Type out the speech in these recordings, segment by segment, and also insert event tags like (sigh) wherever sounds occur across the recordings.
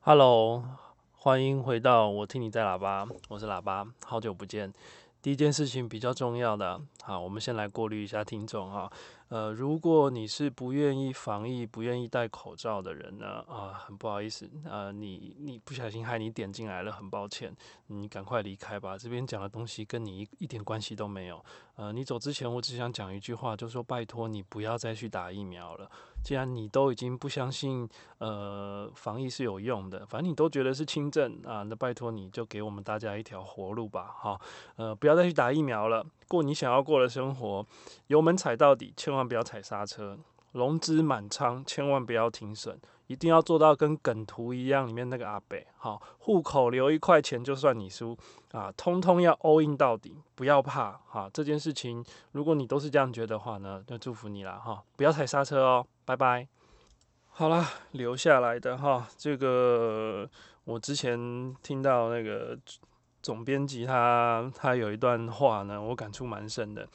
Hello，歡迎回到我聽你在喇叭，我是喇叭，好久不見。第一件事情比較重要的，好，我們先來過濾一下聽眾哈。呃，如果你是不願意防疫、不願意戴口罩的人呢，啊、呃，很不好意思，啊、呃，你你不小心害你點進來了，很抱歉，你趕快離開吧。這邊講的東西跟你一一點關係都沒有。呃，你走之前，我只想講一句話，就說拜託你不要再去打疫苗了。既然你都已經不相信，呃，防疫是有用的，反正你都覺得是輕症啊，那拜托你就給我們大家一條活路吧，好、哦，呃，不要再去打疫苗了，過你想要過的生活，油門踩到底，千萬不要踩剎車。融資滿倉，千萬不要停損，一定要做到跟梗圖一樣裡面那個阿伯好，戶口留一塊錢就算你輸啊，通通要 all in 到底，不要怕哈、啊。這件事情，如果你都是這樣覺得的話呢，就祝福你了哈、啊，不要踩剎車哦，拜拜。好啦，留下來的哈、啊，這個我之前聽到那個。總編輯他他有一段話呢，我感觸蠻深的。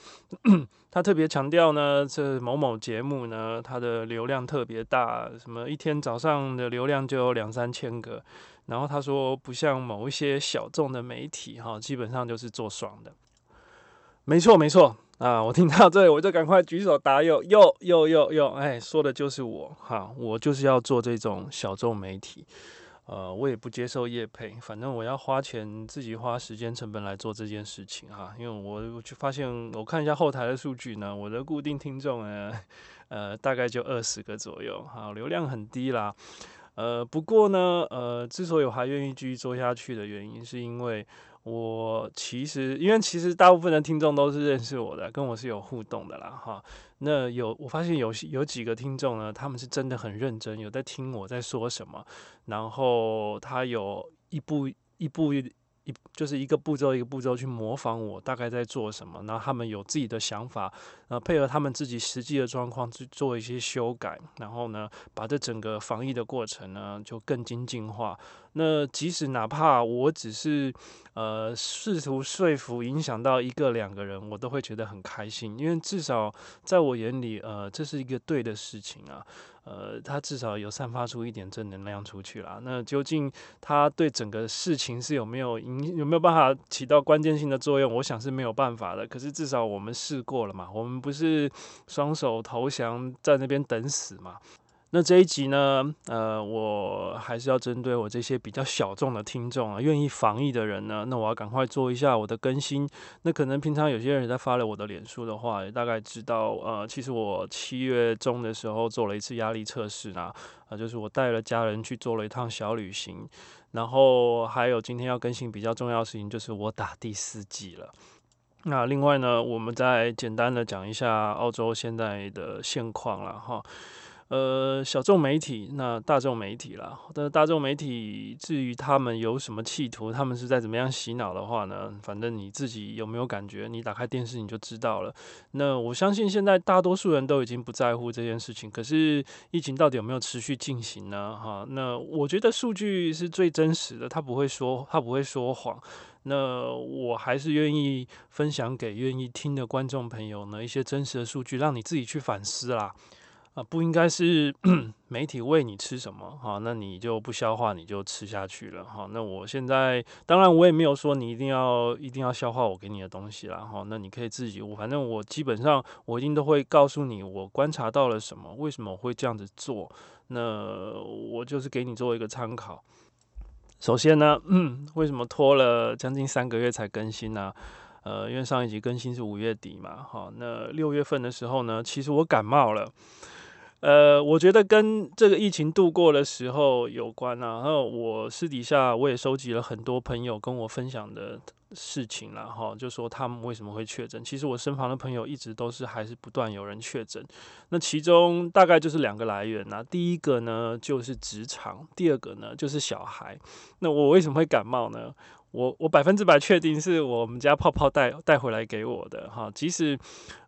(coughs) 他特別強調呢，這某某節目呢，它的流量特別大，什麼一天早上的流量就有兩三千個。然後他說，不像某一些小眾的媒體，哈，基本上就是做爽的。沒錯沒錯啊，我聽到這，我就趕快舉手答有有有有有，哎、欸，說的就是我哈，我就是要做這種小眾媒體。呃，我也不接受業配，反正我要花錢，自己花時間成本來做這件事情哈。因為我就發現，我看一下後台的數據呢，我的固定聽眾呢，呃，大概就二十個左右，好、啊，流量很低啦。呃，不過呢，呃，之所以我還願意繼續做下去的原因，是因為。我其實，因為其實大部分的聽眾都是認識我的，跟我是有互動的啦，哈。那有，我發現有有幾個聽眾呢，他們是真的很認真，有在聽我在說什麼，然後他有一步一步一，就是一個步驟一個步驟去模仿我大概在做什麼，然後他們有自己的想法，然後，呃，配合他們自己實際的狀況去做一些修改，然後呢，把這整個防疫的過程，呢就更精進化。那即使哪怕我只是呃試圖說服影響到一個兩個人，我都會覺得很開心，因為至少在我眼裡，呃，這是一個對的事情啊，呃，他至少有散發出一點正能量出去啦。那究竟他對整個事情是有沒有影有沒有辦法起到關鍵性的作用？我想是沒有辦法的。可是至少我們試過了嘛，我們不是雙手投降在那邊等死嘛。那這一集呢，呃，我還是要針對我這些比較小眾的聽眾啊，願意防疫的人呢，那我要趕快做一下我的更新。那可能平常有些人在發了我的臉書的話，也大概知道，呃，其實我七月中的時候做了一次壓力測試啦，啊、呃，就是我帶了家人去做了一趟小旅行，然後還有今天要更新比較重要的事情，就是我打第四劑了。那另外呢，我們再簡單的講一下澳洲現在的現況了哈。呃，小眾媒體，那大眾媒體啦，那大眾媒體，至於他們有什麼企圖，他們是在怎麼樣洗腦的話呢？反正你自己有沒有感覺？你打開電視你就知道了。那我相信現在大多數人都已經不在乎這件事情。可是疫情到底有沒有持續進行呢？哈，那我覺得數據是最真實的，他不會說，他不會說謊。那我還是願意分享給願意聽的觀眾朋友呢一些真實的數據，讓你自己去反思啦。啊，不應該是 (coughs) 媒體餵你吃什麼哈、啊，那你就不消化你就吃下去了哈、啊。那我現在當然我也沒有說你一定要一定要消化我給你的東西啦。哈、啊。那你可以自己，我反正我基本上我已經都會告訴你我觀察到了什麼，為什麼我會這樣子做。那我就是給你做一個參考。首先呢，嗯、為什麼拖了將近三個月才更新呢、啊？呃，因為上一集更新是五月底嘛，哈、啊，那六月份的時候呢，其實我感冒了。呃，我覺得跟這個疫情度過的時候有關啊。然後我私底下我也收集了很多朋友跟我分享的事情，然後就說他們為什麼會確診。其實我身旁的朋友一直都是還是不斷有人確診。那其中大概就是兩個來源啊，第一個呢就是職場，第二個呢就是小孩。那我為什麼會感冒呢？我我百分之百確定是我們家泡泡帶帶回來給我的，哈，即使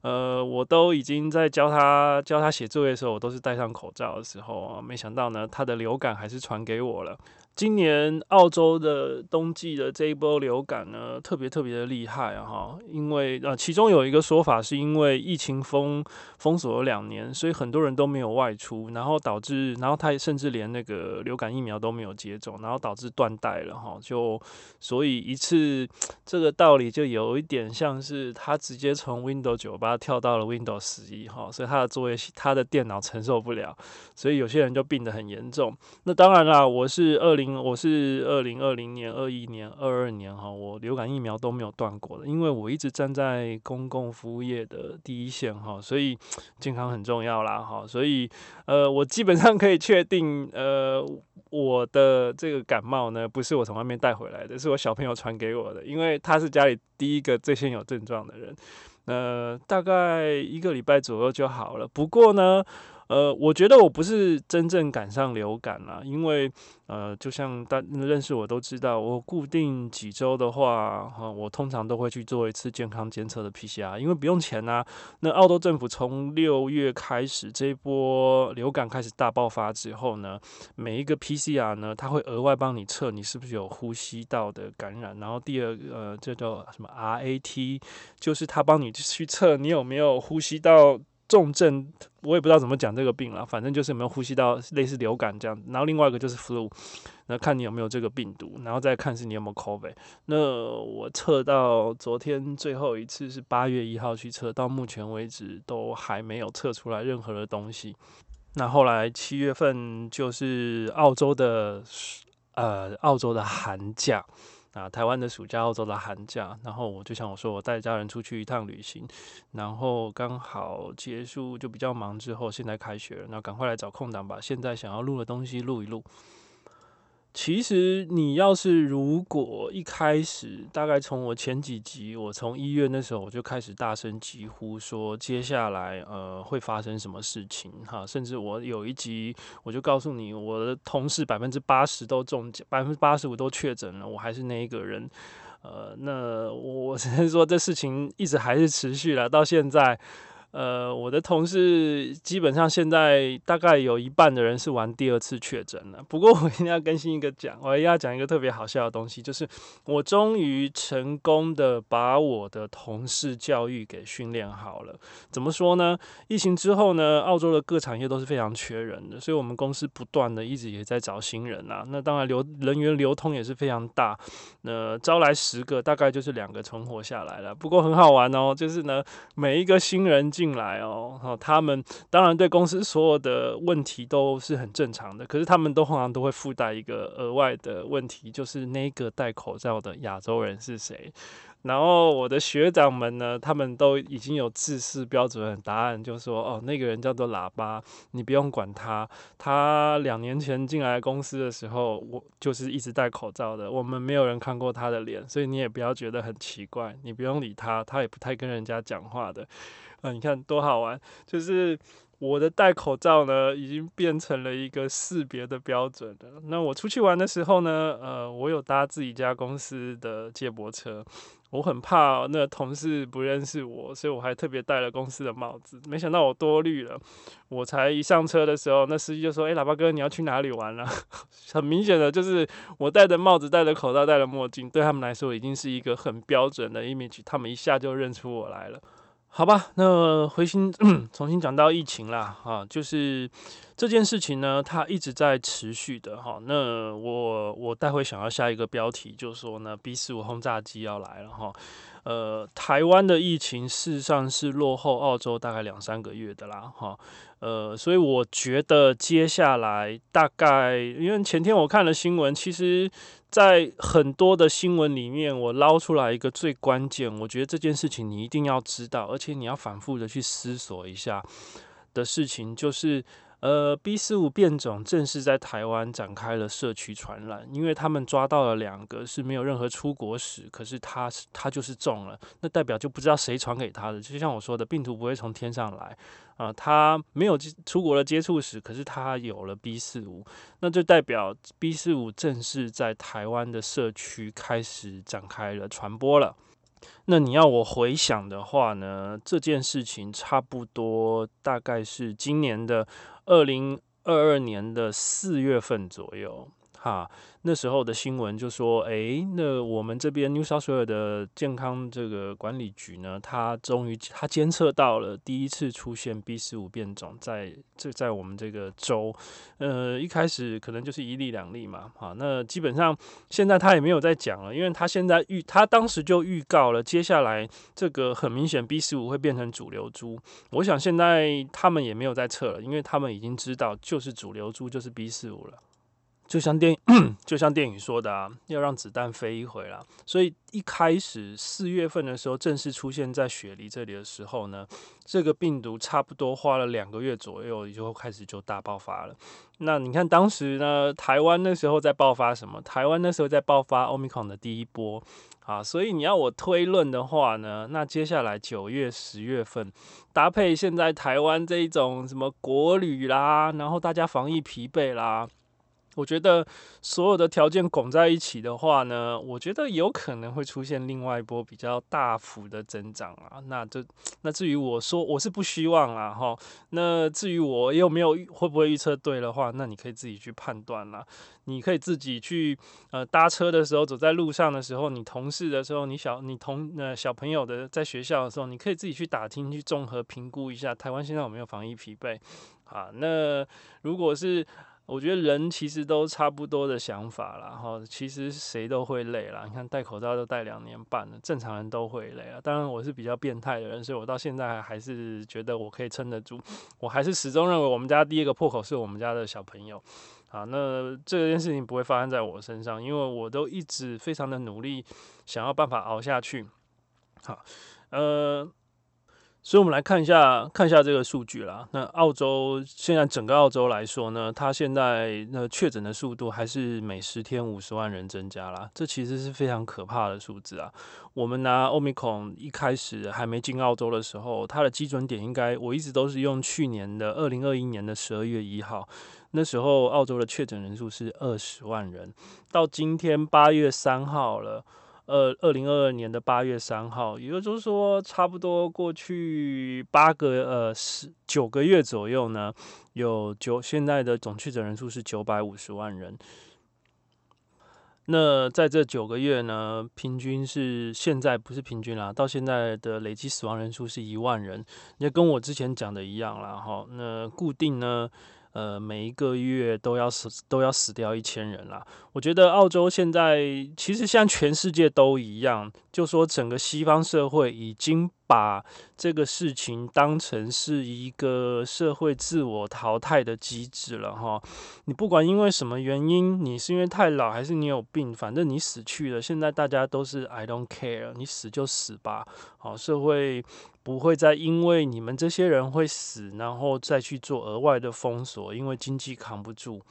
呃，我都已經在教他教他寫作業的時候，我都是戴上口罩的時候啊，沒想到呢，他的流感還是傳給我了。今年澳洲的冬季的這一波流感呢，特別特別的厲害啊哈，因為呃，其中有一個說法是因為疫情封封鎖了兩年，所以很多人都沒有外出，然後導致，然後他也甚至連那個流感疫苗都沒有接種，然後導致斷代了哈，就所以一次這個道理就有一點像是他直接從 Windows 九八，跳到了 Windows 十一哈，所以他的作業他的電腦承受不了，所以有些人就病得很嚴重。那當然啦，我是二零。我是二零二零年、二一年、二二年哈，我流感疫苗都沒有斷過的，因為我一直站在公共服務業的第一線哈，所以健康很重要啦哈，所以呃，我基本上可以確定，呃，我的這個感冒呢，不是我從外面帶回來的，是我小朋友傳給我的，因為他是家裡第一個最先有症狀的人，呃，大概一個禮拜左右就好了，不過呢。呃，我覺得我不是真正趕上流感了，啊，因為呃，就像大家認識我都知道，我固定幾周的話，哈、呃，我通常都會去做一次健康監測的 PCR，因為不用錢呢，啊。那澳洲政府從六月開始這一波流感開始大爆發之後呢，每一個 PCR 呢，它會額外幫你測你是不是有呼吸道的感染，然後第二個呃，這叫什麼 RAT，就是它幫你去測你有沒有呼吸道。重症，我也不知道怎麼講這個病了，反正就是有沒有呼吸道類似流感這樣。然後另外一個就是 flu，那看你有沒有這個病毒，然後再看是你有沒有 COVID。那我測到昨天最後一次是八月一號去測，到目前為止都還沒有測出來任何的東西。那後來七月份就是澳洲的，呃，澳洲的寒假。啊，台灣的暑假、澳洲的寒假，然後我就想我說，我帶家人出去一趟旅行，然後剛好結束就比較忙之後，現在開學了，那趕快來找空檔，把現在想要錄的東西錄一錄。其實，你要是如果一開始，大概從我前幾集，我從一月那時候我就開始大聲疾呼說，接下來呃會發生什麼事情哈，甚至我有一集我就告訴你，我的同事百分之八十都中獎，百分之八十五都確診了，我還是那一個人，呃，那我只能說這事情一直還是持續了到現在。呃，我的同事基本上現在大概有一半的人是玩第二次確診了。不過我一定要更新一個講，我一定要講一個特別好笑的東西，就是我終於成功的把我的同事教育給訓練好了。怎麼說呢？疫情之後呢，澳洲的各產業都是非常缺人的，所以我們公司不斷的一直也在找新人啊。那當然流人員流通也是非常大，那、呃、招來十個大概就是兩個存活下來了。不過很好玩哦，就是呢每一個新人進進來哦，好。他們當然對公司所有的問題都是很正常的，可是他們都通常都會附帶一個額外的問題，就是那個戴口罩的亞洲人是誰？然後我的學長們呢，他們都已經有制式標準的答案，就說哦，那個人叫做喇叭，你不用管他。他兩年前進來公司的時候，我就是一直戴口罩的，我們沒有人看過他的臉，所以你也不要覺得很奇怪，你不用理他，他也不太跟人家講話的。啊，你看多好玩！就是我的戴口罩呢，已經變成了一個識別的標準了。那我出去玩的時候呢，呃，我有搭自己家公司的接駁車，我很怕、哦、那個、同事不認識我，所以我還特別戴了公司的帽子。沒想到我多慮了，我才一上車的時候，那司機就說：“哎、欸，喇叭哥，你要去哪裡玩了、啊？” (laughs) 很明顯的就是我戴着帽子、戴着口罩、戴着墨鏡，對他們來說已經是一個很標準的 image，他們一下就認出我來了。好吧，那回心重新講到疫情啦，啊，就是。這件事情呢，它一直在持續的哈。那我我待會想要下一個標題，就是說呢，B45 轟炸機要來了哈。呃，台灣的疫情事實上是落後澳洲大概兩三個月的啦哈。呃，所以我覺得接下來大概，因為前天我看了新聞，其實在很多的新聞裡面，我撈出來一個最關鍵，我覺得這件事情你一定要知道，而且你要反覆的去思索一下的事情，就是。呃，B 四五變種正式在台灣展開了社區傳染，因為他們抓到了兩個是沒有任何出國史，可是他他就是中了，那代表就不知道誰傳給他的。就像我說的，病毒不會從天上來啊，呃，他沒有出國的接觸史，可是他有了 B 四五，那就代表 B 四五正式在台灣的社區開始展開了傳播了。那你要我回想的話呢，這件事情差不多大概是今年的。二零二二年的四月份左右。哈，那時候的新聞就說，哎、欸，那我們這邊 New South Wales 的健康這個管理局呢，他終於他監測到了第一次出現 B45 變種在，在這在我們這個州，呃，一開始可能就是一例兩例嘛，哈，那基本上現在他也沒有再講了，因為他現在預，他當時就預告了，接下來這個很明顯 B45 會變成主流株，我想現在他們也沒有在測了，因為他們已經知道就是主流株就是 B45 了。就像電 (coughs) 就像電影說的啊，要讓子彈飛一回啦。所以一開始四月份的時候，正式出現在雪梨這裡的時候呢，這個病毒差不多花了兩個月左右，就開始就大爆發了。那你看當時呢，台灣那時候在爆發什麼？台灣那時候在爆發 Omicron 的第一波啊。所以你要我推論的話呢，那接下來九月十月份，搭配現在台灣這一種什麼國旅啦，然後大家防疫疲憊啦。我覺得所有的條件拱在一起的話呢，我覺得有可能會出現另外一波比較大幅的增長啊。那這那至於我說我是不希望啊哈。那至於我又沒有會不會預測對的話，那你可以自己去判斷了、啊。你可以自己去呃搭車的時候，走在路上的時候，你同事的時候，你小你同呃小朋友的在學校的時候，你可以自己去打聽去綜合評估一下台灣現在有沒有防疫疲憊啊。那如果是我覺得人其實都差不多的想法啦，哈，其實誰都會累啦。你看戴口罩都戴兩年半了，正常人都會累啊。當然我是比較變態的人，所以我到現在還是覺得我可以撐得住。我還是始終認為我們家第一個破口是我們家的小朋友，啊，那這件事情不會發生在我身上，因為我都一直非常的努力，想要辦法熬下去。好，呃。所以，我們來看一下，看一下這個數據啦。那澳洲現在整個澳洲來說呢，它現在那個確診的速度還是每十天五十萬人增加啦。這其實是非常可怕的數字啊。我們拿歐米孔一開始還沒進澳洲的時候，它的基準點應該我一直都是用去年的二零二一年的十二月一號，那時候澳洲的確診人數是二十萬人，到今天八月三號了。呃，二零二二年的八月三號，也就是說，差不多過去八個呃九個月左右呢，有九，現在的總確診人數是九百五十萬人。那在這九個月呢，平均是，現在不是平均啦，到現在的累計死亡人數是一萬人。也跟我之前講的一樣啦，哈，那固定呢，呃，每一個月都要死都要死掉一千人啦。我覺得澳洲現在其實像全世界都一樣，就說整個西方社會已經把這個事情當成是一個社會自我淘汰的機制了哈。你不管因為什麼原因，你是因為太老還是你有病，反正你死去了。現在大家都是 I don't care，你死就死吧。好，社會。不會再因為你們這些人會死，然後再去做額外的封鎖，因為經濟扛不住。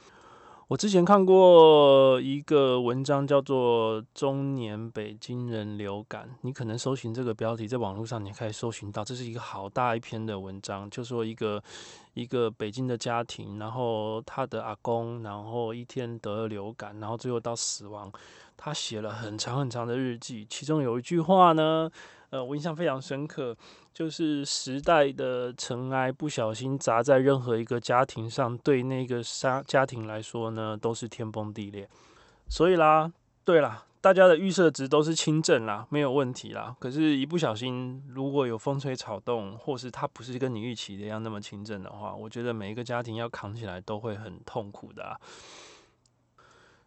我之前看過一個文章，叫做《中年北京人流感》。你可能搜尋這個標題，在網絡上你可以搜尋到，這是一個好大一篇的文章，就說一個一個北京的家庭，然後他的阿公，然後一天得了流感，然後最後到死亡。他寫了很長很長的日記，其中有一句話呢。呃，我印象非常深刻，就是時代的塵埃不小心砸在任何一個家庭上，對那個家家庭來說呢，都是天崩地裂。所以啦，對啦，大家的預設值都是輕症啦，沒有問題啦。可是，一不小心，如果有風吹草動，或是它不是跟你預期的一樣那麼輕症的話，我覺得每一個家庭要扛起來都會很痛苦的啊。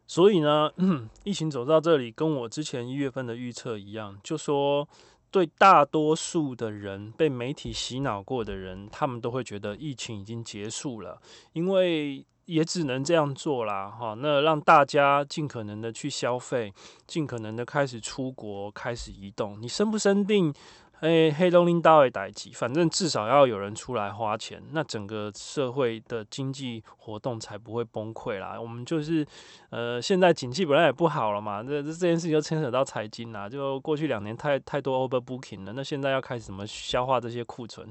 所以呢，嗯，疫情走到這裡，跟我之前一月份的預測一樣，就說。對大多數的人，被媒體洗腦過的人，他們都會覺得疫情已經結束了，因為也只能這樣做啦，哈，那讓大家盡可能的去消費，盡可能的開始出國，開始移動，你生不生病？誒、欸、黑龍鱗大位代誌，反正至少要有人出來花錢，那整個社會的經濟活動才不會崩潰啦。我們就是，呃，現在景氣本來也不好了嘛，這這這件事情又牽扯到財經啦。就過去兩年太太多 overbooking 了,那現在要開始怎麼消化這些庫存？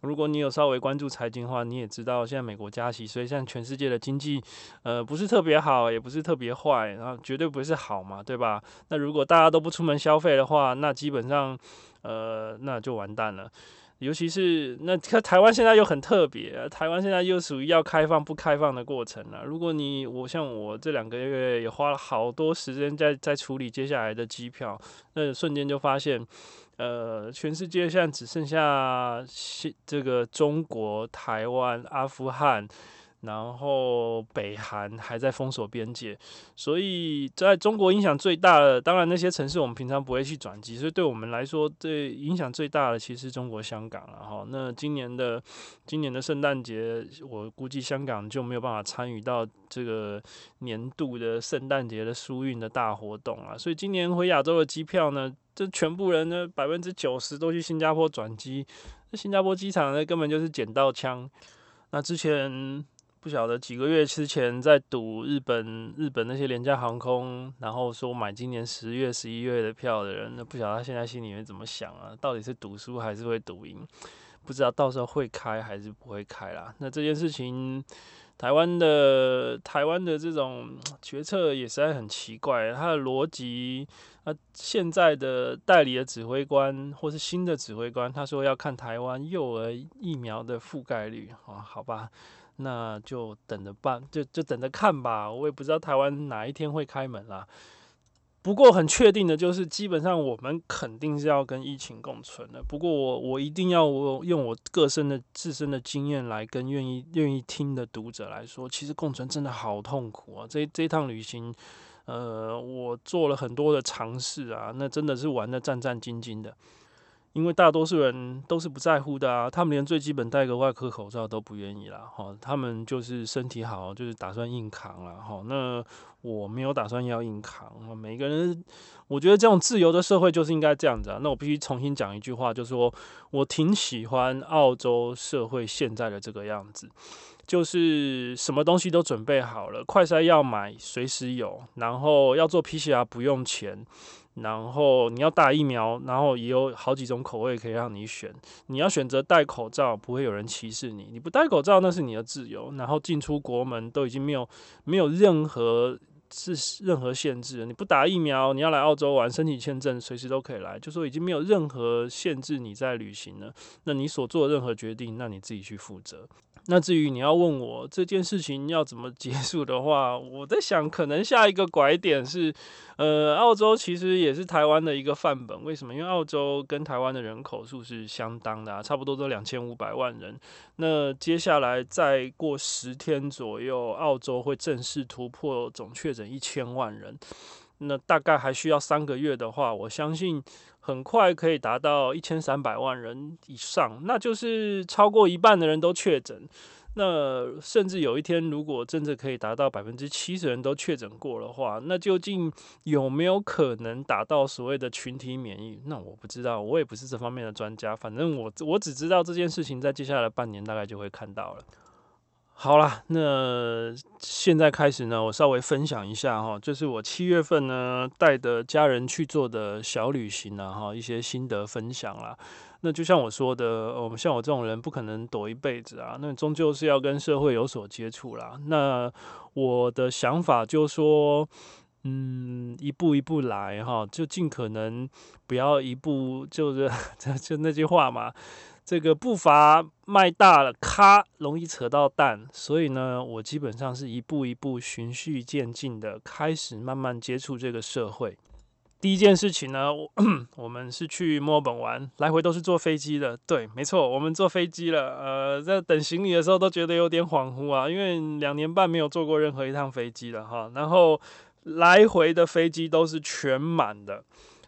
如果你有稍微關注財經的話，你也知道現在美國加息，所以現在全世界的經濟，呃，不是特別好，也不是特別壞，然後絕對不是好嘛，對吧？那如果大家都不出門消費的話，那基本上。呃，那就完蛋了。尤其是那台灣現在又很特別，台灣現在又屬於要開放不開放的過程了。如果你我像我這兩個月也花了好多時間在在處理接下來的機票，那瞬間就發現，呃，全世界現在只剩下這個中國、台灣、阿富汗。然後北韓還在封鎖邊界，所以在中國影響最大的，當然那些城市我們平常不會去轉機，所以對我們來說，對影響最大的其實中國香港了、啊、哈。那今年的今年的聖誕節，我估計香港就沒有辦法參與到這個年度的聖誕節的疏運的大活動啊。所以今年回亞洲的機票呢，這全部人呢百分之九十都去新加坡轉機，那新加坡機場呢，根本就是撿到槍。那之前。不曉得幾個月之前在賭日本日本那些廉價航空，然後說買今年十月十一月的票的人，那不曉得他現在心裡面怎麼想啊？到底是賭輸還是會賭贏？不知道到時候會開還是不會開啦。那這件事情，台灣的台灣的這種決策也實在很奇怪。他的邏輯，啊，現在的代理的指揮官或是新的指揮官，他說要看台灣幼兒疫苗的覆蓋率啊，好吧。那就等着辦，就就等着看吧。我也不知道台灣哪一天會開門啦，不過很確定的就是，基本上我們肯定是要跟疫情共存的。不過我我一定要我用我個身的自身的經驗來跟願意願意聽的讀者來說，其實共存真的好痛苦啊！這這趟旅行，呃，我做了很多的嘗試啊，那真的是玩得戰戰兢兢的。因為大多數人都是不在乎的啊，他們連最基本戴個外科口罩都不願意啦，哈，他們就是身體好，就是打算硬扛啦，哈。那我沒有打算要硬扛，啊、每個人，我覺得這種自由的社會就是應該這樣子啊。那我必須重新講一句話，就是說我挺喜歡澳洲社會現在的這個樣子，就是什麼東西都準備好了，快篩要買隨時有，然後要做 PCR 不用錢。然後你要打疫苗，然後也有好幾種口味可以讓你選。你要選擇戴口罩，不會有人歧視你。你不戴口罩，那是你的自由。然後進出國門都已經沒有沒有任何是任何限制。你不打疫苗，你要來澳洲玩，申請簽證隨時都可以來，就說已經沒有任何限制你在旅行了。那你所做的任何決定，那你自己去負責。那至於你要問我這件事情要怎麼結束的話，我在想，可能下一個拐點是，呃，澳洲其實也是台灣的一個範本。為什麼？因為澳洲跟台灣的人口數是相當的啊，差不多都兩千五百萬人。那接下來再過十天左右，澳洲會正式突破總確診一千萬人。那大概還需要三個月的話，我相信。很快可以達到一千三百萬人以上，那就是超過一半的人都確診。那甚至有一天，如果真的可以達到百分之七十人都確診過的話，那究竟有沒有可能達到所謂的群體免疫？那我不知道，我也不是這方面的專家。反正我我只知道這件事情，在接下來半年大概就會看到了。好啦，那現在開始呢，我稍微分享一下哈，就是我七月份呢帶着家人去做的小旅行啊哈，一些心得分享啦。那就像我說的，我們，哦，像我這種人，不可能躲一輩子啊，那終究是要跟社會有所接觸啦。那我的想法就是說，嗯，一步一步來哈，就儘可能不要一步，就是就那句話嘛。這個步伐邁大了，咔，容易扯到蛋。所以呢，我基本上是一步一步、循序漸進的開始慢慢接觸這個社會。第一件事情呢，我，我們是去墨爾本玩，來回都是坐飛機的。對，沒錯，我們坐飛機了。呃，在等行李的時候都覺得有點恍惚啊，因為兩年半沒有坐過任何一趟飛機了哈。然後來回的飛機都是全滿的。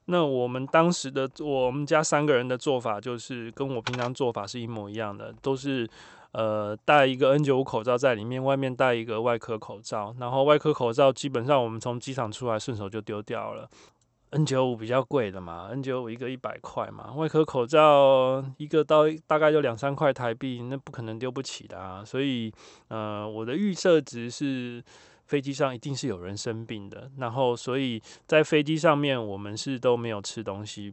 那我們當時的我們家三個人的做法，就是跟我平常做法是一模一樣的，都是呃戴一個 N 九五口罩在裡面，外面戴一個外科口罩，然後外科口罩基本上我們從機場出來順手就丟掉了。N 九五比較貴的嘛，N 九五一個一百塊嘛，外科口罩一個到大概就兩三塊台幣，那不可能丟不起的啊。所以呃，我的預設值是。飛機上一定是有人生病的，然後所以在飛機上面我們是都沒有吃東西。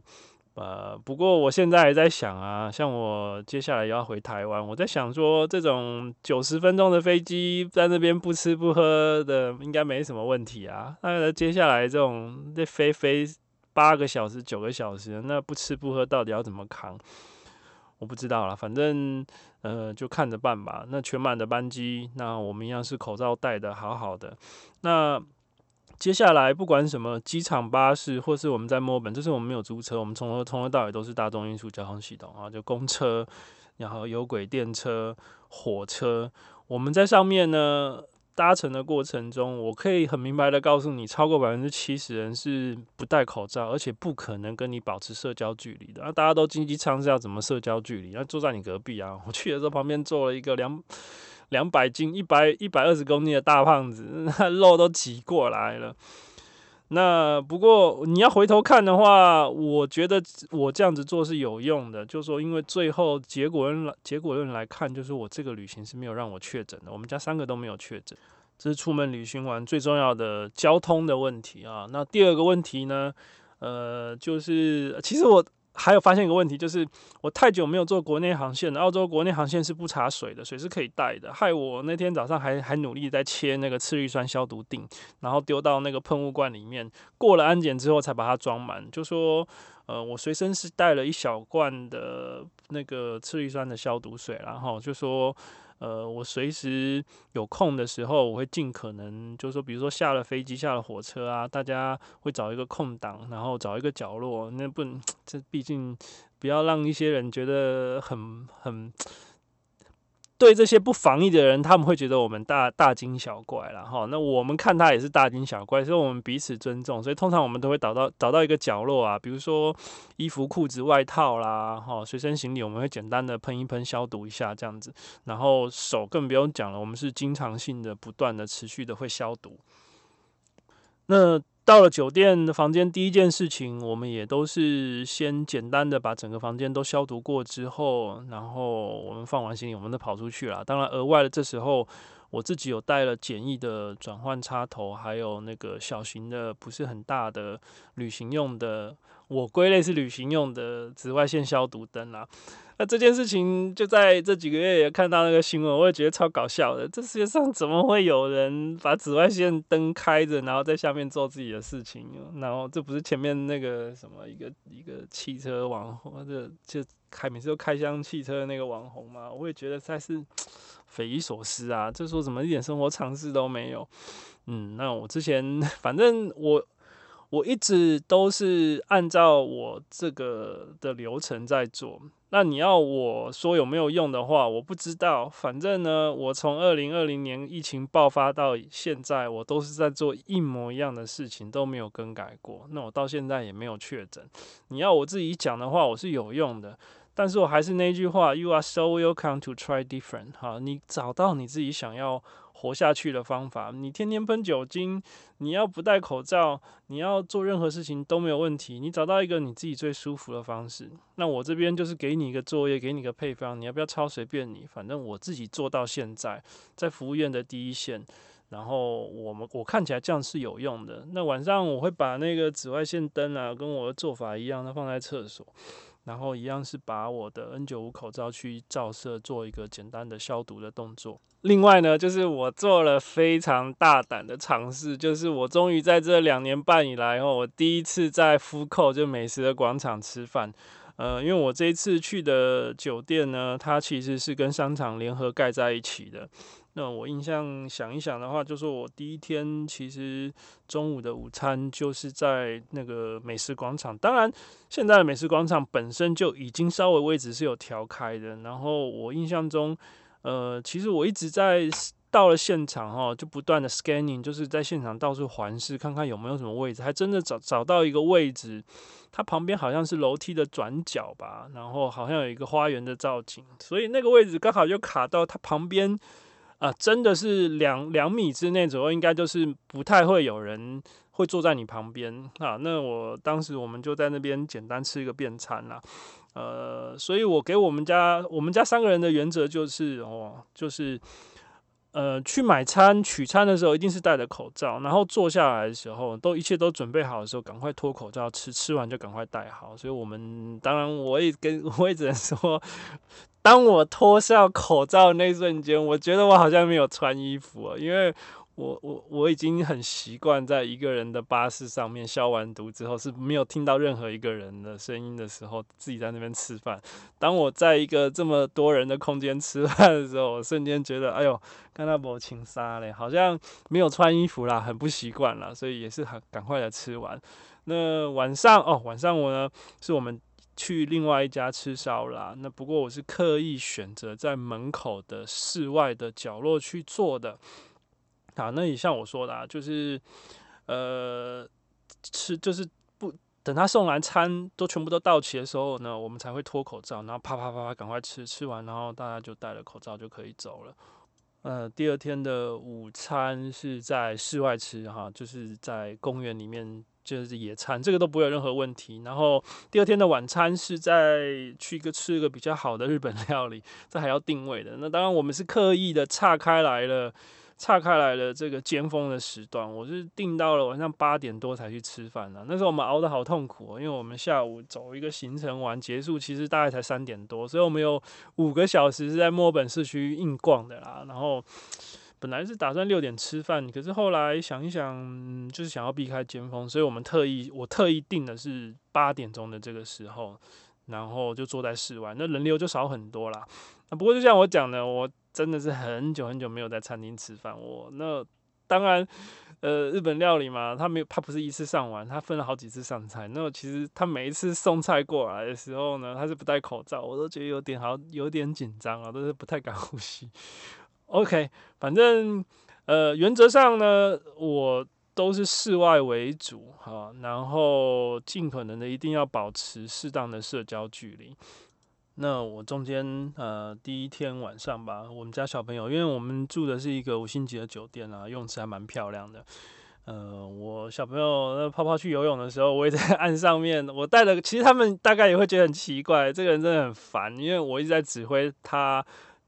呃，不過我現在還在想啊，像我接下來要回台灣，我在想說這種九十分鐘的飛機在那邊不吃不喝的，應該沒什麼問題啊。那接下來這種這飛飛八個小時、九個小時，那不吃不喝到底要怎麼扛？我不知道了，反正。呃，就看着辦吧。那全滿的班機，那我們一樣是口罩戴得好好的。那接下來不管什麼機場巴士，或是我們在墨爾本，就是我們沒有租車，我們從頭從頭到尾都是大眾運輸交通系統啊，就公車，然後有軌電車、火車，我們在上面呢，搭乘的過程中，我可以很明白的告訴你，超過百分之七十人是不戴口罩，而且不可能跟你保持社交距離的。那、啊、大家都經濟艙是要怎麼社交距離？那坐在你隔壁啊！我去的時候旁邊坐了一個兩兩百斤、一百一百二十公斤的大胖子，那肉都擠過來了。那不過你要回頭看的話，我覺得我這樣子做是有用的。就是說因為最後結果論，結果論來看，就是我這個旅行是沒有讓我確診的。我們家三個都沒有確診，這是出門旅行完最重要的交通的問題啊。那第二個問題呢，呃，就是其實我。還有發現一個問題，就是我太久沒有做國內航線了。澳洲國內航線是不查水的，水是可以帶的。害我那天早上還還努力在切那個次氯酸消毒錠，然後丟到那個噴霧罐裡面。過了安檢之後才把它裝滿，就說，呃，我隨身是帶了一小罐的那個次氯酸的消毒水，然後就說。呃，我隨時有空的時候，我會盡可能，就是說，比如說下了飛機、下了火車啊，大家會找一個空檔，然後找一個角落，那不能，這畢竟不要讓一些人覺得很，很。對這些不防疫的人，他們會覺得我們大大驚小怪了哈、哦。那我們看他也是大驚小怪，所以我們彼此尊重，所以通常我們都會找到找到一個角落啊，比如說衣服、褲子、外套啦，哈、哦，隨身行李我們會簡單的噴一噴消毒一下這樣子，然後手更不用講了，我們是經常性的、不斷的、持續的會消毒。那到了酒店的房間，第一件事情，我們也都是先簡單的把整個房間都消毒過之後，然後我們放完行李，我們都跑出去了。當然，額外的這時候，我自己有帶了簡易的轉換插頭，還有那個小型的不是很大的旅行用的，我歸類是旅行用的紫外線消毒燈啦。那這件事情就在這幾個月也看到那個新聞，我也覺得超搞笑的。這世界上怎麼會有人把紫外線燈開着，然後在下面做自己的事情？然後這不是前面那個什麼一個一個汽車網紅的王或者，就開每次都開箱汽車的那個網紅嗎？我也覺得實在是匪夷所思啊！就說怎麼一點生活常識都沒有？嗯，那我之前反正我我一直都是按照我這個的流程在做。那你要我說有沒有用的話，我不知道。反正呢，我從二零二零年疫情爆發到現在，我都是在做一模一樣的事情，都沒有更改過。那我到現在也沒有確診。你要我自己講的話，我是有用的。但是我還是那句話：You are so welcome to try different。哈，你找到你自己想要活下去的方法，你天天噴酒精，你要不戴口罩，你要做任何事情都沒有問題。你找到一個你自己最舒服的方式，那我這邊就是給你一個作業，給你個配方，你要不要抄？隨便你。反正我自己做到現在，在服務員的第一線，然後我們我看起來這樣是有用的。那晚上我會把那個紫外線燈啊，跟我的做法一樣，它放在廁所。然後一樣是把我的 N95 口罩，去照射，做一個簡單的消毒的動作。另外呢，就是我做了非常大膽的嘗試，就是我終於在這兩年半以來後，我第一次在 Food Court 就美食的廣場吃飯。呃，因為我這一次去的酒店呢，它其實是跟商場聯合蓋在一起的。那我印象想一想的話，就是我第一天其實中午的午餐就是在那個美食廣場。當然，現在的美食廣場本身就已經稍微位置是有調開的。然後我印象中，呃，其實我一直在到了現場哈，就不斷的 scanning，就是在現場到處環視，看看有沒有什麼位置，還真的找找到一個位置。它旁邊好像是樓梯的轉角吧，然後好像有一個花園的造景，所以那個位置剛好就卡到它旁邊。啊，真的是兩兩米之內左右，應該就是不太會有人會坐在你旁邊啊。那我當時我們就在那邊簡單吃一個便餐啦。呃，所以我給我們家我們家三個人的原則就是哦，就是呃去買餐取餐的時候一定是戴着口罩，然後坐下來的時候都一切都準備好的時候，趕快脫口罩吃，吃完就趕快戴好。所以，我們當然我也跟我也只能說。當我脫下口罩那一瞬間，我覺得我好像沒有穿衣服啊，因為我我我已經很習慣在一個人的巴士上面消完毒之後是沒有聽到任何一個人的聲音的時候，自己在那邊吃飯。當我在一個這麼多人的空間吃飯的時候，我瞬間覺得，哎呦，干到薄情殺嘞，好像沒有穿衣服啦，很不習慣啦。所以也是很趕快的吃完。那晚上哦，晚上我呢是我們，去另外一家吃燒臘、啊，那不過我是刻意選擇在門口的室外的角落去坐的。好，那你像我說的，啊，就是呃，吃就是不等他送完餐都全部都到齊的時候呢，我們才會脫口罩，然後啪啪啪啪趕快吃，吃完然後大家就戴了口罩就可以走了。呃，第二天的午餐是在室外吃哈，就是在公園裡面。就是野餐，這個都不會有任何問題。然後第二天的晚餐是在去一個吃一個比較好的日本料理，這還要定位的。那當然我們是刻意的岔開來了，岔開來了這個尖峰的時段，我是定到了晚上八點多才去吃飯的，那時候我們熬得好痛苦喔，因為我們下午走一個行程完結束，其實大概才三點多，所以我們有五個小時是在墨爾本市區硬逛的啦。然後。本來是打算六點吃飯，可是後來想一想，就是想要避開尖峰，所以我們特意我特意定的是八點鐘的這個時候，然後就坐在室外，那人流就少很多啦。不過就像我講的，我真的是很久很久沒有在餐廳吃飯。我那當然，呃，日本料理嘛，他沒有他不是一次上完，他分了好幾次上菜。那其實他每一次送菜過來的時候呢，他是不戴口罩，我都覺得有點好有點緊張啊，都是不太敢呼吸。OK，反正呃，原則上呢，我都是室外為主哈、啊，然後盡可能的一定要保持適當的社交距離。那我中間呃第一天晚上吧，我們家小朋友，因為我們住的是一個五星級的酒店啊，泳池還蠻漂亮的。呃，我小朋友那泡泡去游泳的時候，我也在岸上面，我帶了。其實他們大概也會覺得很奇怪，這個人真的很煩，因為我一直在指揮他。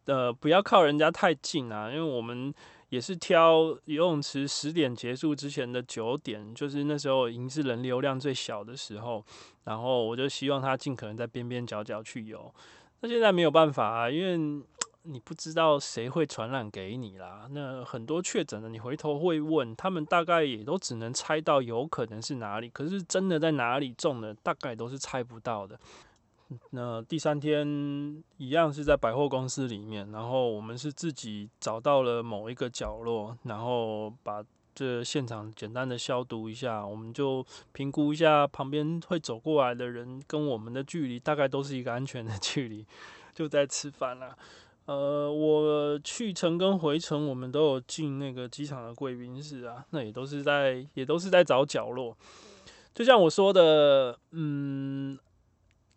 呃，不要靠人家太近啊，因為我們也是挑游泳池十點結束之前的九點，就是那時候已經是人流量最小的時候。然後我就希望他盡可能在邊邊角角去游。那現在沒有辦法啊，因為你不知道誰會傳染給你啦。那很多確診的，你回頭會問他們，大概也都只能猜到有可能是哪裡，可是真的在哪裡中的，大概都是猜不到的。那第三天一樣是在百貨公司裡面，然後我們是自己找到了某一個角落，然後把這現場簡單的消毒一下，我們就評估一下旁邊會走過來的人跟我們的距離，大概都是一個安全的距離，就在吃飯了。呃，我去程跟回程我們都有進那個機場的貴賓室啊，那也都是在也都是在找角落，就像我說的，嗯。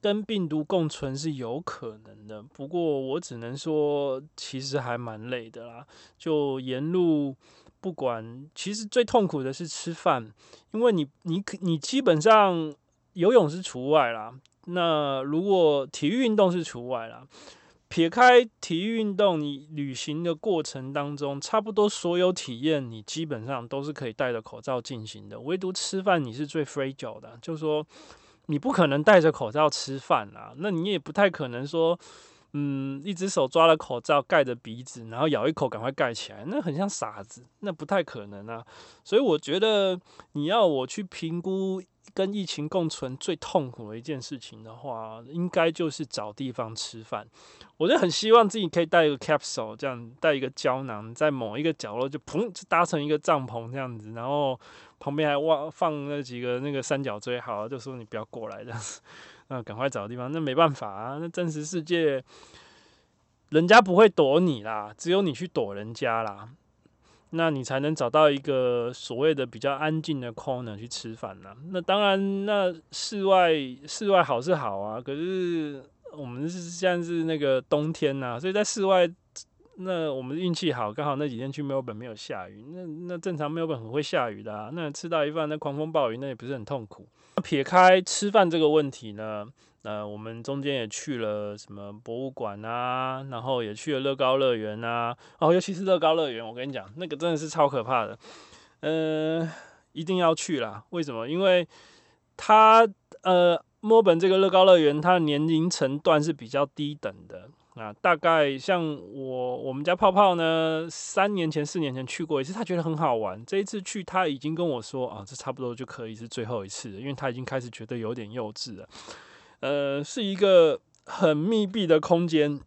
跟病毒共存是有可能的，不過我只能說，其實還蠻累的啦。就沿路不管，其實最痛苦的是吃飯，因為你你可你基本上游泳是除外啦，那如果體育運動是除外啦。撇開體育運動，你旅行的過程當中，差不多所有體驗你基本上都是可以戴着口罩進行的，唯獨吃飯你是最 fragile 的，就說。你不可能戴着口罩吃飯啊，那你也不太可能說。嗯，一隻手抓了口罩蓋着鼻子，然後咬一口，趕快蓋起來，那很像傻子，那不太可能啊。所以我覺得，你要我去評估跟疫情共存最痛苦的一件事情的話，應該就是找地方吃飯。我就很希望自己可以帶一個 capsule，這樣帶一個膠囊，在某一個角落就砰就搭成一個帳篷這樣子，然後旁邊還挖放那幾個那個三角錐，好啊，就說你不要過來這樣子。啊，趕快找地方，那沒辦法啊，那真實世界，人家不會躲你啦，只有你去躲人家啦，那你才能找到一個所謂的比較安靜的 corner 去吃飯啦。那當然，那室外室外好是好啊，可是我們是現在是那個冬天吶啊，所以在室外。那我們運氣好，剛好那幾天去墨爾本沒有下雨。那那正常墨爾本很會下雨的啊。那吃到一半那狂風暴雨，那也不是很痛苦。那撇開吃飯這個問題呢，呃，我們中間也去了什麼博物館啊，然後也去了樂高樂園啊。哦，尤其是樂高樂園，我跟你講，那個真的是超可怕的。呃，一定要去啦，為什麼？因為它呃，墨爾本這個樂高樂園，它的年齡層段是比較低等的。那大概像我我們家泡泡呢，三年前、四年前去過一次，也是他覺得很好玩。這一次去，他已經跟我說：“啊、哦，這差不多就可以是最後一次了，因為他已經開始覺得有點幼稚了。”呃，是一個很密閉的空間，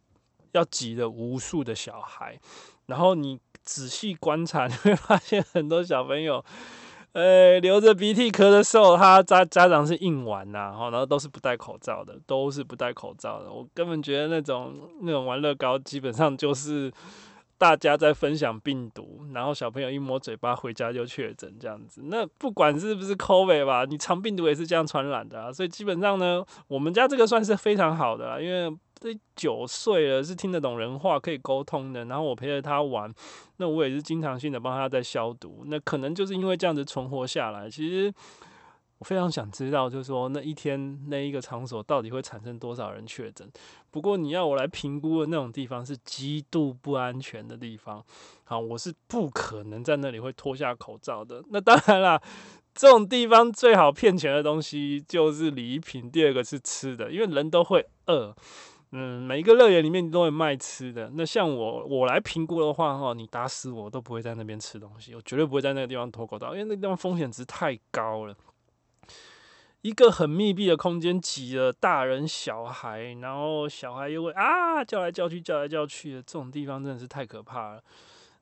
要擠了無數的小孩，然後你仔細觀察，你會發現很多小朋友。誒，流着、欸、鼻涕咳的時候，他家家長是硬玩吶、啊，然後都是不戴口罩的，都是不戴口罩的。我根本覺得那種那種玩樂高，基本上就是大家在分享病毒，然後小朋友一摸嘴巴回家就確診這樣子。那不管是不是 COVID 吧，你腸病毒也是這樣傳染的啊。所以基本上呢，我們家這個算是非常好的啦，因為。這九歲了是聽得懂人話，可以溝通的。然後我陪着他玩，那我也是經常性的幫他在消毒。那可能就是因為這樣子存活下來。其實我非常想知道，就是說那一天那一個場所到底會產生多少人確診？不過你要我來評估的那種地方是極度不安全的地方。好，我是不可能在那裡會脫下口罩的。那當然啦，這種地方最好騙錢的東西就是禮品，第二個是吃的，因為人都會餓。嗯，每一個樂園裡面你都會賣吃的。那像我，我來評估的話，哈，你打死我,我都不會在那邊吃東西，我絕對不會在那個地方脫口罩，因為那個地方風險值太高了。一個很密閉的空間，擠了大人小孩，然後小孩又會啊叫來叫去，叫來叫去的，這種地方真的是太可怕了。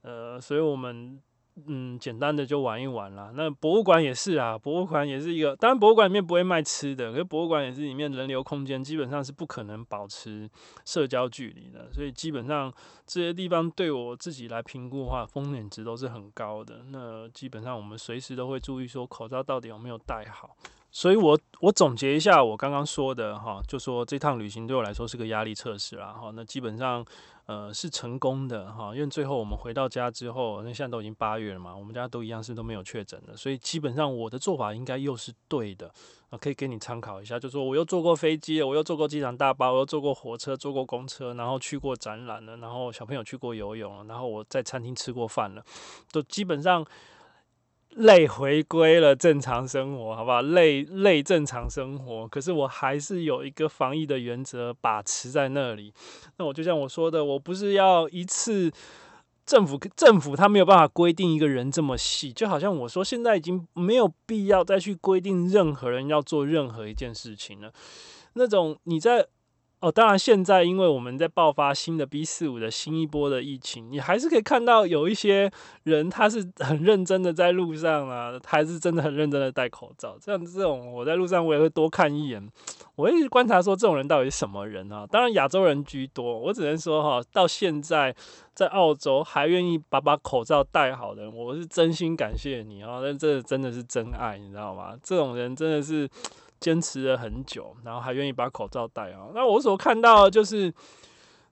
呃，所以我們嗯，簡單的就玩一玩啦。那博物館也是啊，博物館也是一個，當然博物館裡面不會賣吃的，可是博物館也是裡面人流空間，基本上是不可能保持社交距離的。所以基本上這些地方對我自己來評估的話，風險值都是很高的。那基本上我們隨時都會注意說口罩到底有沒有戴好。所以我我總結一下我剛剛說的哈，就說這趟旅行對我來說是個壓力測試啦。哈。那基本上。呃，是成功的哈，因為最後我們回到家之後，那現在都已經八月了嘛，我們家都一樣是都沒有確診的。所以基本上我的做法應該又是對的啊、呃，可以給你參考一下。就是、說我又坐過飛機了，我又坐過機場大巴，我又坐過火車，坐過公車，然後去過展覽了，然後小朋友去過游泳了，然後我在餐廳吃過飯了，都基本上。累回歸了正常生活，好不好？累累正常生活，可是我還是有一個防疫的原則把持在那裡。那我就像我說的，我不是要一次政府，政府他沒有辦法規定一個人這麼細，就好像我說現在已經沒有必要再去規定任何人要做任何一件事情了。那種你在。哦，當然，現在因為我們在爆發新的 B45 的新一波的疫情，你還是可以看到有一些人他是很認真的在路上啊，他還是真的很認真的戴口罩。這樣這種我在路上我也會多看一眼，我一直觀察說這種人到底是什麼人啊？當然亞洲人居多，我只能說哈、啊，到現在在澳洲還願意把把口罩戴好的人，我是真心感謝你啊！但這真的是真愛，你知道嗎？這種人真的是。堅持了很久，然後還願意把口罩戴哦、啊，那我所看到的就是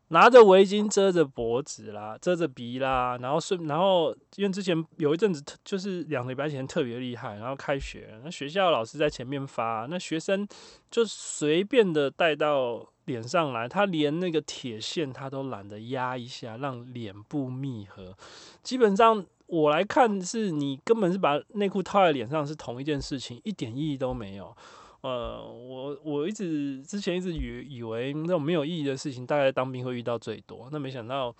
拿着圍巾遮着脖子啦，遮着鼻啦，然後順然後因為之前有一陣子特就是兩個禮拜前特別厲害，然後開學那學校老師在前面發，那學生就隨便的戴到臉上來，他連那個鐵線他都懶得壓一下，讓臉部密合。基本上我來看是，你根本是把內褲套在臉上是同一件事情，一點意義都沒有。呃，我我一直之前一直以以為那種沒有意義的事情，大概當兵會遇到最多。那沒想到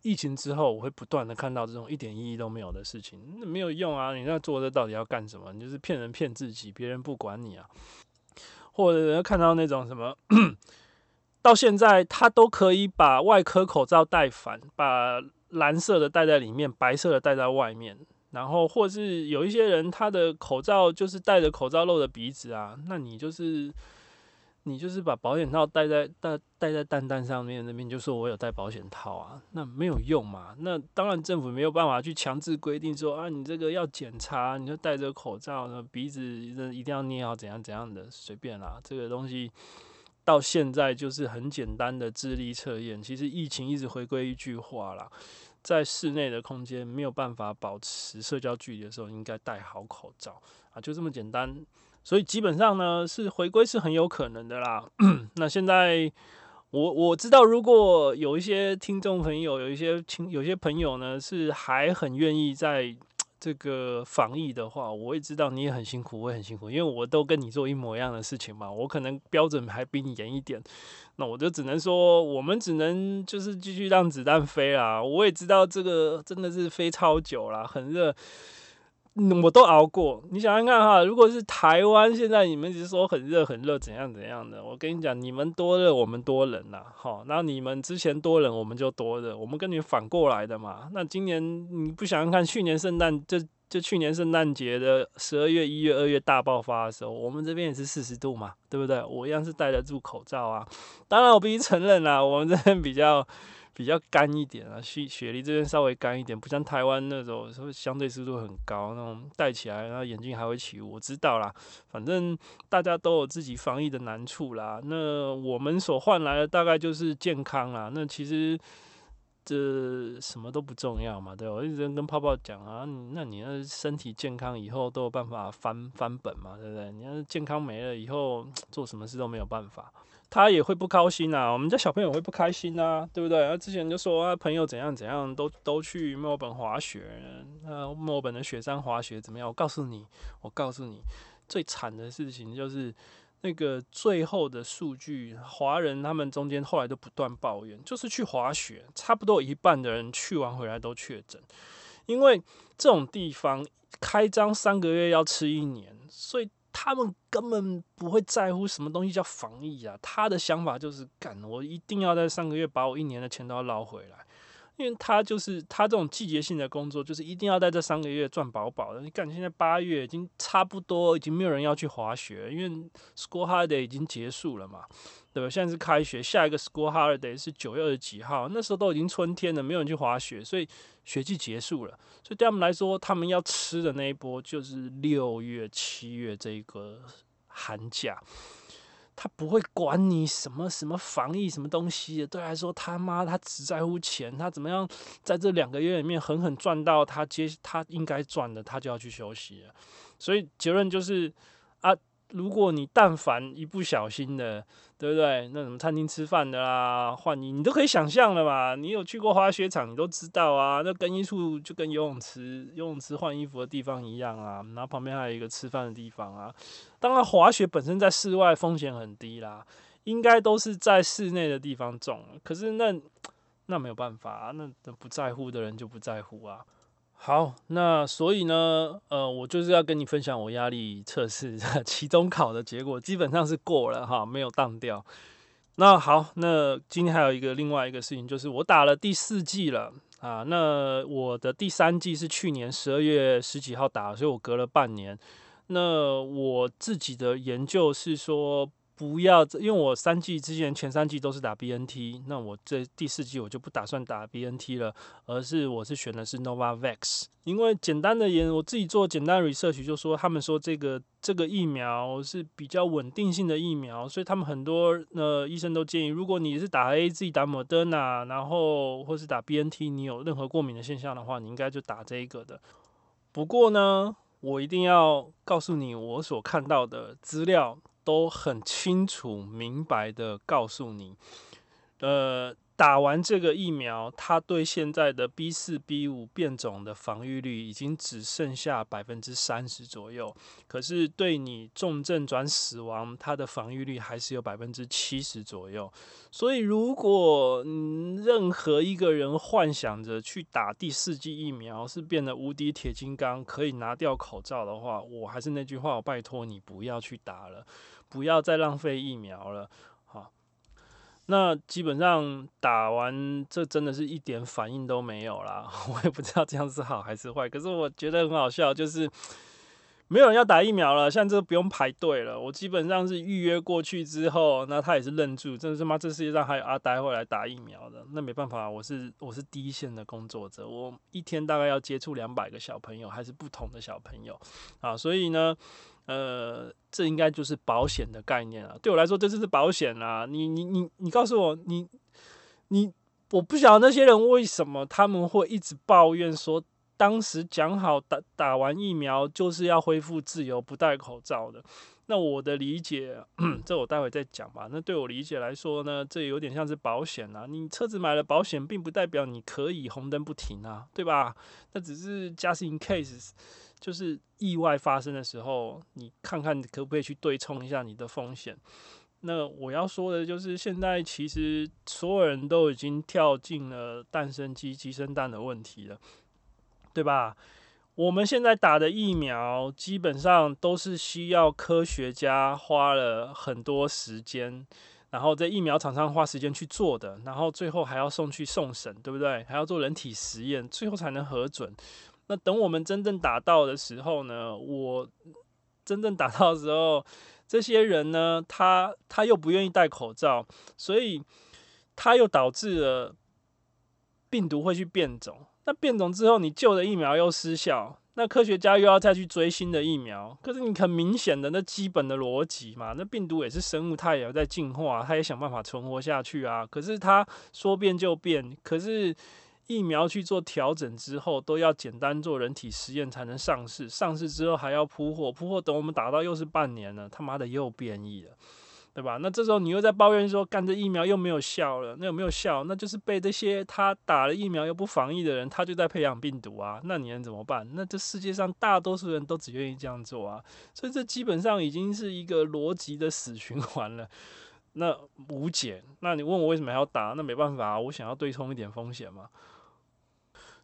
疫情之後，我會不斷的看到這種一點意義都沒有的事情，那沒有用啊！你在做這到底要幹什麼？你就是騙人騙自己，別人不管你啊。或者人家看到那種什麼，到現在他都可以把外科口罩戴反，把藍色的戴在裡面，白色的戴在外面。然後，或是有一些人，他的口罩就是戴着口罩露的鼻子啊，那你就是你就是把保險套戴在戴戴在蛋蛋上面那邊，就說我有戴保險套啊，那沒有用嘛。那當然，政府沒有辦法去強制規定說啊，你這個要檢查，你就戴着口罩，那鼻子一一定要捏好，怎樣怎樣的，隨便啦。這個東西到現在就是很簡單的智力測驗。其實疫情一直回歸一句話啦。在室內的空間沒有辦法保持社交距離的時候，應該戴好口罩啊，就這麼簡單。所以基本上呢，是回歸是很有可能的啦。 (coughs) 那現在我我知道，如果有一些聽眾朋友、有一些親、有些朋友呢，是還很願意在這個防疫的話，我也知道你也很辛苦，我也很辛苦，因為我都跟你做一模一樣的事情嘛，我可能標準還比你嚴一點。那我就只能說，我們只能就是繼續讓子彈飛啦。我也知道這個真的是飛超久了，很熱、嗯，我都熬過。你想想看哈，如果是台灣，現在你們一直說很熱很熱，怎樣怎樣的，我跟你講，你們多熱，我們多冷啦。好，那你們之前多冷，我們就多熱，我們跟你反過來的嘛。那今年你不想想看，去年聖誕這。就去年聖誕節的十二月、一月、二月大爆發的時候，我們這邊也是四十度嘛，對不對？我一樣是戴得住口罩啊。當然我必須承認啦，我們這邊比較比較乾一點啊，雪雪梨這邊稍微乾一點，不像台灣那種相對濕度很高那種，戴起來然後眼鏡還會起霧。我知道啦，反正大家都有自己防疫的難處啦。那我們所換來的大概就是健康啦。那其實。這什麼都不重要嘛，對，我一直跟泡泡講啊，那你的身體健康，以後都有辦法翻翻本嘛，對不對？你要是健康沒了，以後做什麼事都沒有辦法，他也會不高興啊，我們家小朋友會不開心啊，對不對？他、啊、之前就說啊，朋友怎樣怎樣，都都去墨爾本滑雪，那、啊、墨爾本的雪山滑雪怎麼樣？我告訴你，我告訴你，最慘的事情就是。那個最後的數據，華人他們中間後來都不斷抱怨，就是去滑雪，差不多一半的人去完回來都確診，因為這種地方開張三個月要吃一年，所以他們根本不會在乎什麼東西叫防疫啊，他的想法就是幹，我一定要在三個月把我一年的錢都要撈回來。因為他就是他這種季節性的工作，就是一定要在這三個月賺飽飽的。你感覺現在八月已經差不多，已經沒有人要去滑雪，因為 School Holiday 已經結束了嘛，對吧？現在是開學，下一個 School Holiday 是九月二十幾號，那時候都已經春天了，沒有人去滑雪，所以雪季結束了。所以對他們來說，他們要吃的那一波就是六月、七月這一個寒假。他不會管你什麼什麼防疫什麼東西的，對來說，他媽他只在乎錢，他怎麼樣在這兩個月裡面狠狠賺到他接他應該賺的，他就要去休息了。所以結論就是。如果你但凡一不小心的，對不對？那什麼餐廳吃飯的啦，換衣你都可以想象的嘛。你有去過滑雪場，你都知道啊。那更衣處就跟游泳池、游泳池換衣服的地方一樣啊。然後旁邊還有一個吃飯的地方啊。當然，滑雪本身在室外風險很低啦，應該都是在室內的地方重。可是那那沒有辦法啊，那不在乎的人就不在乎啊。好，那所以呢，呃，我就是要跟你分享我壓力測試期中考的結果，基本上是過了哈，沒有當掉。那好，那今天還有一個另外一個事情，就是我打了第四劑了啊。那我的第三劑是去年十二月十幾號打，所以我隔了半年。那我自己的研究是說。不要，因為我三劑之前前三劑都是打 B N T，那我這第四劑我就不打算打 B N T 了，而是我是選的是 Novavax。因為簡單的言，我自己做簡單的 research 就說，他們說這個這個疫苗是比較穩定性的疫苗，所以他們很多呃醫生都建議，如果你是打 A Z 打 Moderna，然後或是打 B N T，你有任何過敏的現象的話，你應該就打這個的。不過呢，我一定要告訴你我所看到的資料。都很清楚、明白的告訴你，呃。打完這個疫苗，它對現在的 B 四 B 五變種的防禦率已經只剩下百分之三十左右，可是對你重症轉死亡，它的防禦率還是有百分之七十左右。所以，如果，嗯，任何一個人幻想着去打第四劑疫苗是變得無敵鐵金剛，可以拿掉口罩的話，我還是那句話，我拜托你不要去打了，不要再浪費疫苗了。那基本上打完，這真的是一點反應都沒有啦。我也不知道這樣是好還是壞，可是我覺得很好笑，就是沒有人要打疫苗了，像這個不用排隊了。我基本上是預約過去之後，那他也是愣住，真的是嗎，這世界上還有阿呆會來打疫苗的？那沒辦法，我是我是第一線的工作者，我一天大概要接觸兩百個小朋友，還是不同的小朋友啊，所以呢。呃，這應該就是保險的概念啊。對我來說，這就是保險啦、啊。你你你你告訴我，你你，我不曉得那些人為什麼他們會一直抱怨說，當時講好打打完疫苗就是要恢復自由、不戴口罩的。那我的理解，這我待會再講吧。那對我理解來說呢，這有點像是保險啦、啊。你車子買了保險，並不代表你可以紅燈不停啊，對吧？那只是 just in case。就是意外發生的時候，你看看可不可以去對沖一下你的風險。那我要說的就是，現在其實所有人都已經跳進了蛋生雞雞生蛋的問題了，對吧？我們現在打的疫苗，基本上都是需要科學家花了很多時間，然後在疫苗廠商花時間去做的，然後最後還要送去送審，對不對？還要做人體實驗，最後才能核准。那等我們真正打到的時候呢？我真正打到的時候，這些人呢，他他又不願意戴口罩，所以他又導致了病毒會去變種。那變種之後，你舊的疫苗又失效，那科學家又要再去追新的疫苗。可是你很明顯的，那基本的邏輯嘛，那病毒也是生物，它也要在進化，它也想辦法存活下去啊。可是它說變就變，可是。疫苗去做調整之後，都要簡單做人體實驗才能上市。上市之後還要鋪貨，鋪貨等我們打到又是半年了，他媽的又變異了，對吧？那這時候你又在抱怨說，幹這疫苗又沒有效了。那有沒有效？那就是被這些他打了疫苗又不防疫的人，他就在培養病毒啊。那你能怎麼辦？那這世界上大多數人都只願意這樣做啊。所以這基本上已經是一個邏輯的死循環了，那無解。那你問我為什麼還要打？那沒辦法啊，我想要對沖一點風險嘛。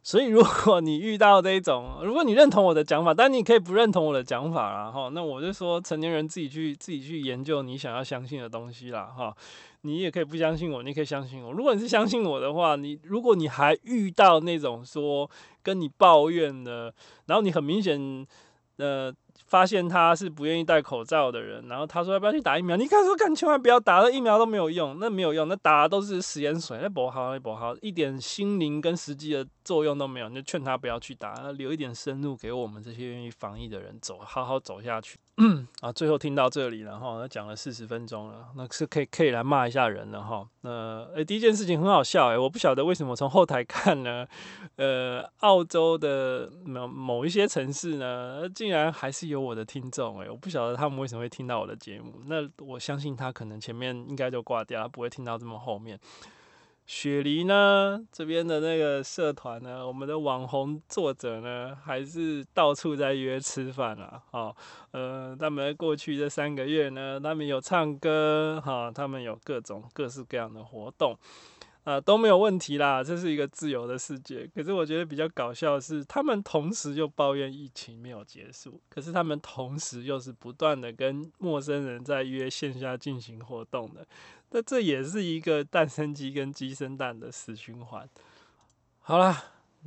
所以，如果你遇到這種，如果你認同我的講法，但你可以不認同我的講法啦，哈，那我就說成年人自己去自己去研究你想要相信的東西啦，哈，你也可以不相信我，你可以相信我。如果你是相信我的話，你如果你還遇到那種說跟你抱怨的，然後你很明顯，呃，發現他是不願意戴口罩的人，然後他說要不要去打疫苗，你看說幹，千萬不要打了，疫苗都沒有用，那沒有用，那打的都是食鹽水那，那不好，那不好，一點心靈跟實際的作用都沒有，你就勸他不要去打，留一點生路給我們這些願意防疫的人走，好好走下去。 (coughs) 啊，最後聽到這裡，然後講了四十分鐘了，那是可以可以來罵一下人了哈。那誒、呃欸，第一件事情很好笑誒、欸，我不曉得為什麼從後台看呢，呃，澳洲的某某一些城市呢，竟然還是有我的聽眾誒、欸。我不曉得他們為什麼會聽到我的節目。那我相信他可能前面應該就掛掉，他不會聽到這麼後面。雪梨呢，這邊的那個社團呢，我們的網紅作者呢，還是到處在約吃飯啊？哦，呃，他們過去這三個月呢，他們有唱歌，哈、哦，他們有各種各式各樣的活動。啊，都沒有問題啦，這是一個自由的世界。可是我覺得比較搞笑的是，他們同時又抱怨疫情沒有結束，可是他們同時又是不斷的跟陌生人在約線下進行活動的。那這也是一個蛋生雞跟雞生蛋的死循環。好啦。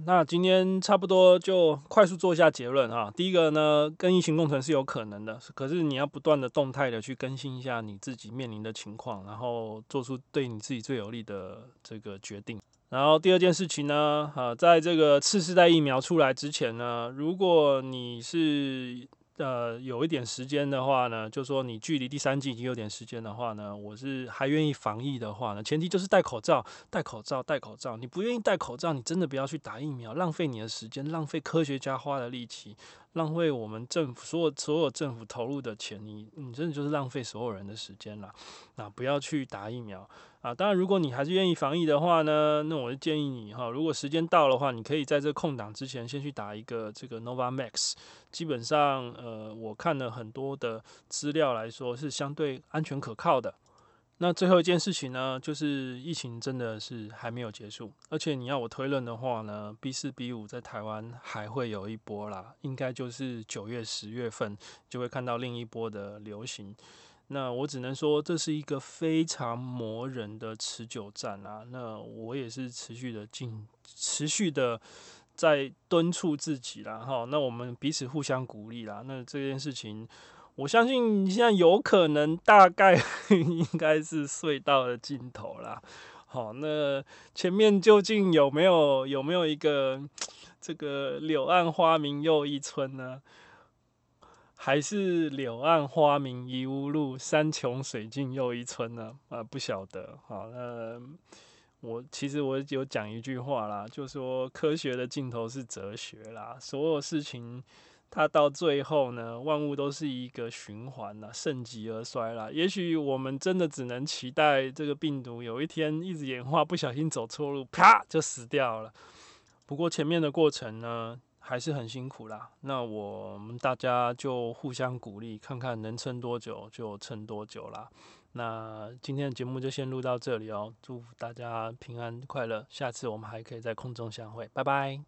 那今天差不多就快速做一下結論啊。第一個呢，跟疫情共存是有可能的，可是你要不斷的動態的去更新一下你自己面臨的情況，然後做出對你自己最有利的這個決定。然後第二件事情呢，啊、呃，在這個次世代疫苗出來之前呢，如果你是呃，有一點時間的話呢，就說你距離第三劑已經有點時間的話呢，我是還願意防疫的話呢，前提就是戴口罩，戴口罩，戴口罩。你不願意戴口罩，你真的不要去打疫苗，浪費你的時間，浪費科學家花的力氣，浪費我們政府所有所有政府投入的錢，你你真的就是浪費所有人的時間了。那、啊、不要去打疫苗。啊，當然，如果你還是願意防疫的話呢，那我就建議你哈，如果時間到了的話，你可以在這空檔之前先去打一個這個 Novavax。基本上，呃，我看了很多的資料來說，是相對安全可靠的。那最後一件事情呢，就是疫情真的是還沒有結束，而且你要我推論的話呢，B 四 B 五在台灣還會有一波啦，應該就是九月十月份就會看到另一波的流行。那我只能說，這是一個非常磨人的持久戰啦、啊。那我也是持續的進，持續的在敦促自己啦。哈，那我們彼此互相鼓勵啦。那這件事情，我相信你現在有可能大概 (laughs) 應該是隧道的盡頭啦。好，那前面究竟有沒有有沒有一個這個柳暗花明又一村呢？還是柳暗花明疑無路山窮水盡又一村呢？啊、呃，不曉得。好，那、呃、我其實我有講一句話啦，就說科學的盡頭是哲學啦。所有事情它到最後呢，萬物都是一個循環啦，盛極而衰啦。也許我們真的只能期待這個病毒有一天一直演化，不小心走錯路，啪就死掉了。不過前面的過程呢？還是很辛苦啦，那我們大家就互相鼓勵，看看能撐多久就撐多久啦。那今天的節目就先錄到這裡喔，祝福大家平安快樂，下次我們還可以在空中相會，拜拜。